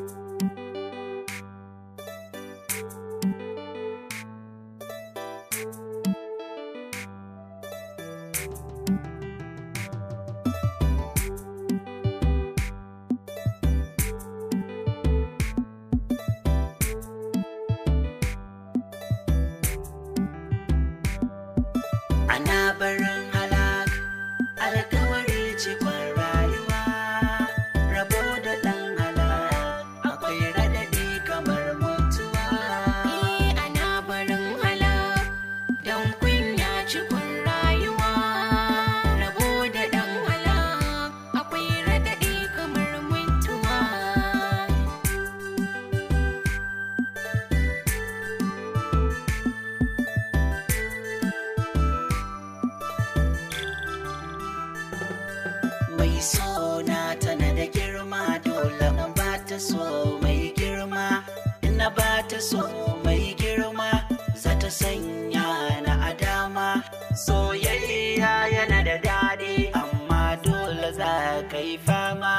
you mai sona tana da girma dole na ba ta so mai girma ina ba ta so mai girma za ta sanya na dama soyayya yana da daɗi amma dole za ka yi fama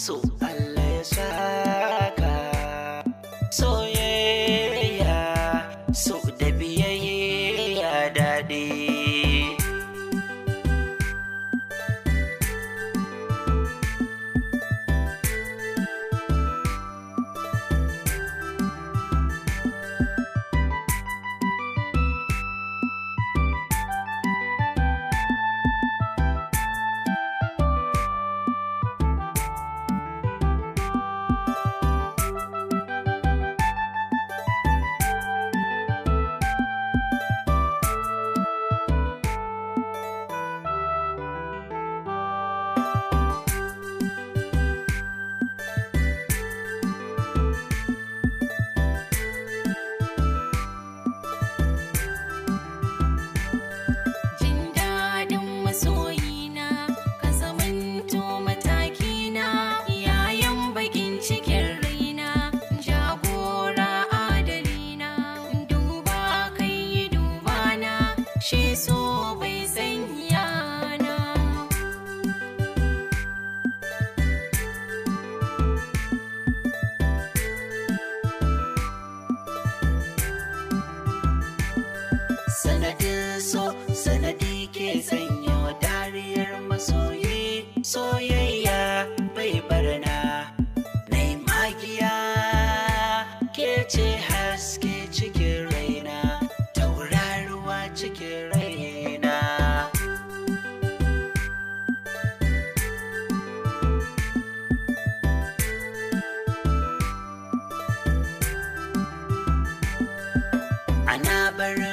so Allah ya saka soyayya so da biyayya daɗi never.